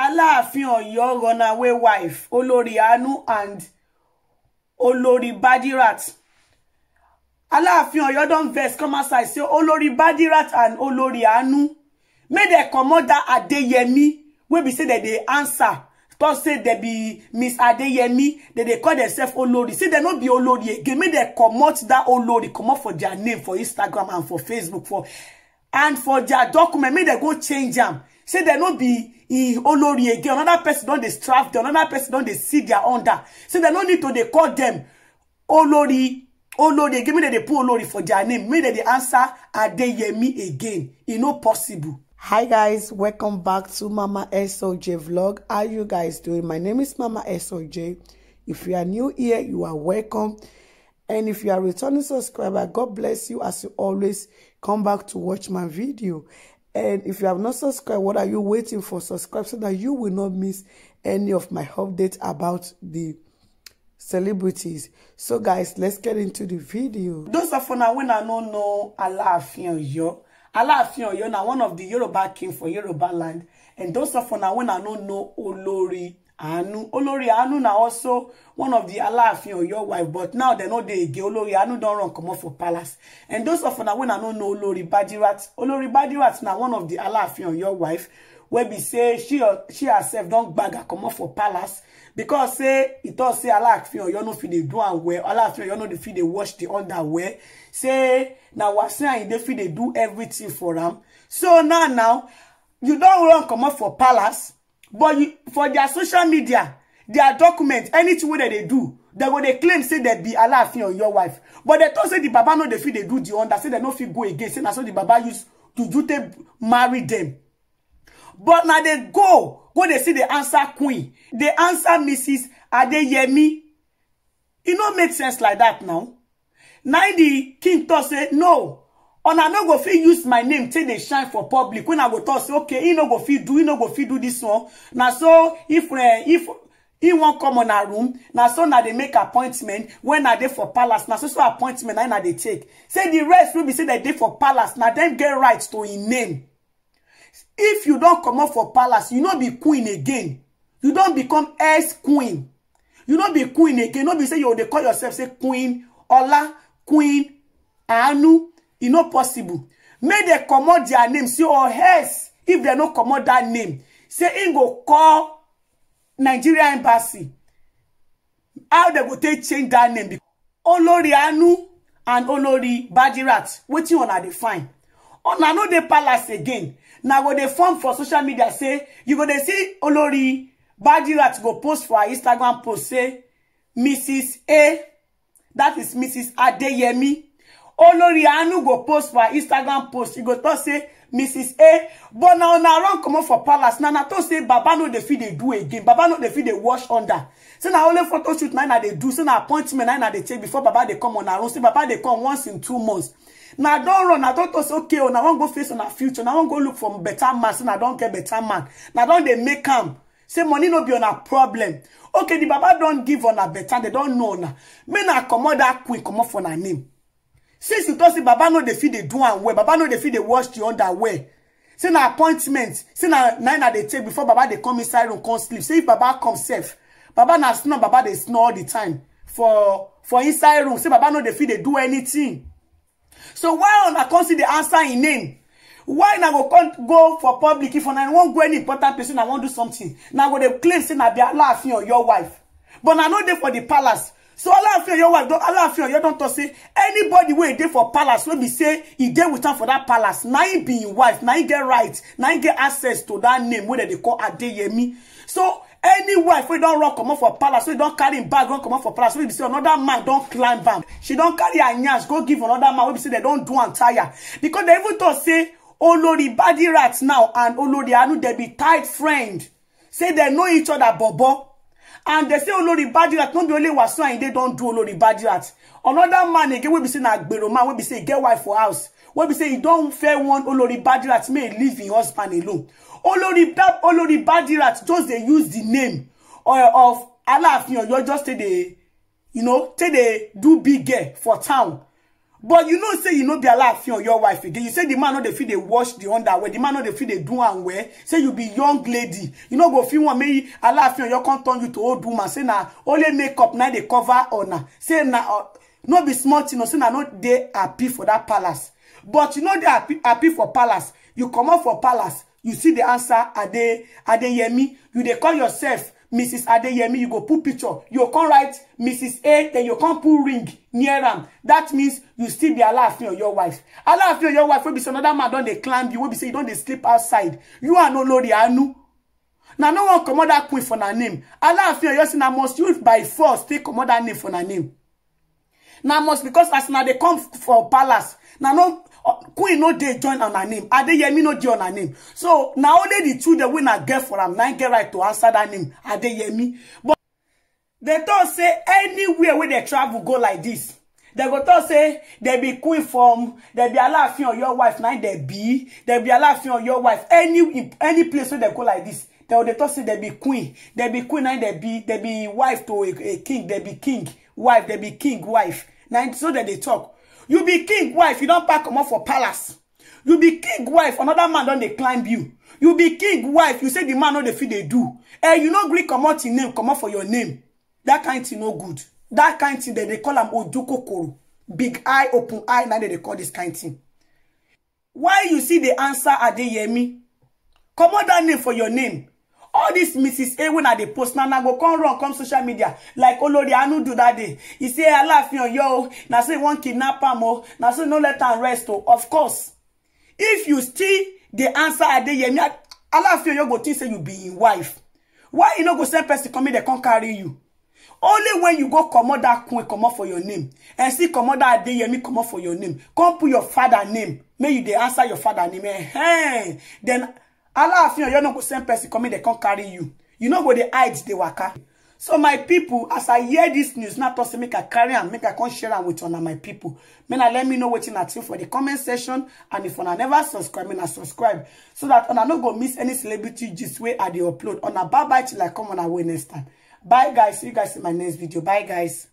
aláàfin ọ̀yọ́ runaway wife olórí anu and olórí badirat aláàfin ọ̀yọ́ don verse come outside say olórí badirat and olórí anu make dem comot dat adeyemi wey be say dem dey answer talk say dem be miss adeyemi dem dey call themselves olori say dem no be olori again make dem comot dat olori comot for their name for instagram and for facebook for and for their document May dem go change am say dem no be e olori again another person don dey straff them another person don dey see their under so dem no need to dey call dem olori oh, olori oh, again make dem dey put olori oh, for their name make dem dey answer adeyemi again e no possible hi guys welcome back to mama soj vlog how you guys doing my name is mama soj if you are new here you are welcome and if you are returning subscriber god bless you as you always come back to watch my video And if you have not subscribed, what are you waiting for? Subscribe so that you will not miss any of my updates about the celebrities. So guys, let's get into the video. Those of you now when I don't know Alaafin Oyo. Alaafin Oyo now. one of the Yoruba king for Yoruba land. And those of you now when I don't know Olori Anu. Olori Anu na also one of the Alaafin or your wife. But now they know they again. Olori Anu don't run come off for palace. And those of now when I don't know Olori Badirat. Olori Badirat na one of the Alaafin or your wife. Where be say she or she herself don't bag her come off for palace. Because say it e all say Alaafin or you no feel they do and wear. Alaafin or you know they feel they wash the underwear. Say now what saying they feel they do everything for them. So now now you don't run come off for palace but you, for their social media their document anything wey dem dey do dem go dey claim say dem be alaafin on your wife but dem talk say the baba no dey fit dey do the under say dem no fit go again say na so the baba use juju take marry dem but na dey go go dey see dey answer queen dey answer mrs adeyemi e no make sense like that now na the king talk say no Ona no go fit use my name till dey shine for public when i go talk say okay he no go fit do he no go fit do this one Now so if uh, if he won't come on our room now so now they make appointment when are they for palace Now so so appointment na they take say the rest will be say dem dey for palace Now them get rights to his name if you don't come up for palace you not be queen again you don't become ex queen you not be queen again no be say you dey call yourself say queen ola queen anu e no possible May they comot their name say or oh, else if they no comot that name say im go call nigeria embassy how they go take change that name olori anu and olori bajirat wetin una dey find una no they palace again Now go they form for social media say you go they see olori bajirat go post for instagram post say mrs a that is mrs adeyemi olori anu go post for instagram post e go tok say mrs a but na una run comot for palace Now na tok say baba no dey fit dey do again baba no dey fit dey wash under say na only photo shoot na na dey do say na appointment na na dey take before baba dey come on her run. say baba dey come once in two months na don run na don talk say okay o na wan go face on our future na wan go look for better man So na don get better man na don dey make am say money no be on una problem okay the baba don give on a better they don know una make na comot that queen comot for una name since you don't see baba no dey fit they do and wear baba no they fit dey wash the underwear See na appointment See na nine at the take before baba they come inside room come sleep say if baba come safe. baba na snow baba they snow all the time for for inside room See baba no dey fit they do anything so why I can't see the answer in name why now go can't go for public if I wan go any important person I wan do something now go dey claim say na be alaafin or your wife but I know they for the palace so alaafin your wife Don't alaafin oyo don talk say anybody wait there for palace When we say he get with am for that palace now he be im wife Now he get right Now he get access to that name wey they call adeyemi so any wife wey don run comot for palace We don't carry im bag run come comot for palace We be say another man don't climb am she don't carry her yansh go give another man We be say dem don do am tire because they even talk say oh Lordy, body badirat now and oh olori anu they be tight friend say they know each other bobo and they say olori badirat no be only wasu they don't do olori badirat another man again wey be say na agbero man wey be say get wife for house wey be say he don't fair one olori badirat may leave his husband alone olori that olori badirat just they use the name uh, of Allah alaafin oyo just say dey you know say they do big girl for town but you know say you no be alaafin your wife again you say the man no dey feel they wash the underwear the man no dey feel they do and wear. say you be young lady you no go feel wan make alaafin oyo your turn you to old woman say na only makeup now they e cover una say na uh, no be small thing o say na not they happy for that palace but you know they happy happy for palace you come comot for palace you see the answer are are they they adeyemi you dey call yourself mrs adeyemi you go put picture you can't write mrs a then you can't put ring near am that means you still be alaafin your wife alaafin your wife will be say another man Don't they climb you will be say you don dey sleep outside you are and olori anu Now no one comot dat queen for na name alaafin oyo say na must use by force take comot dat name for na name Now must because as now they come for palace Now no Oh, queen no dey join on her name adeyemi no dey on her name so na only the two children win na get for am na get right to answer that name adeyemi but they talk say anywhere wey dem travel go like this They go talk say dem be queen from dem be alaafin your wife na they be dem be alaafin your wife any any place wey dem go like this they go dey talk say dem be queen dem be queen na they be dem be wife to a, a king dem be king wife dem be king wife na so dem dey talk you be king wife you don't pack comot for palace you be king wife another man don dey climb you you be king wife you say the man no dey fit they do eh you no gree comot him name comot for your name that kind thing no good that kind thing dem dey call am koro. big eye open eye Now they dey call this kind thing why you see the answer adeyemi comot that name for your name all dis mrs ewen na dey post na go come run come social media like I anu do that. day e say I laugh, yo. so e wan kidnap am o na so no let am rest o of course if you still the answer I laugh, yo. oyo go think say you be im wife why you no go send person come in They come carry you only when you go comot that queen up for your name and see that day, me come up for your name come put your father name May you dey answer your father name Hey, then Aláàfin Ọ̀yọ́ no go send person come in they can't carry you. You know where dey hide the waka. So my people, as I hear this news, not to make a carry and make a come share am with una my people. May I let me know what you think for the comment section. And if una never subscribe, may I subscribe. So that I no go miss any celebrity just way at the upload. Una bye bye till I come on our way next time. Bye guys. See you guys in my next video. Bye guys.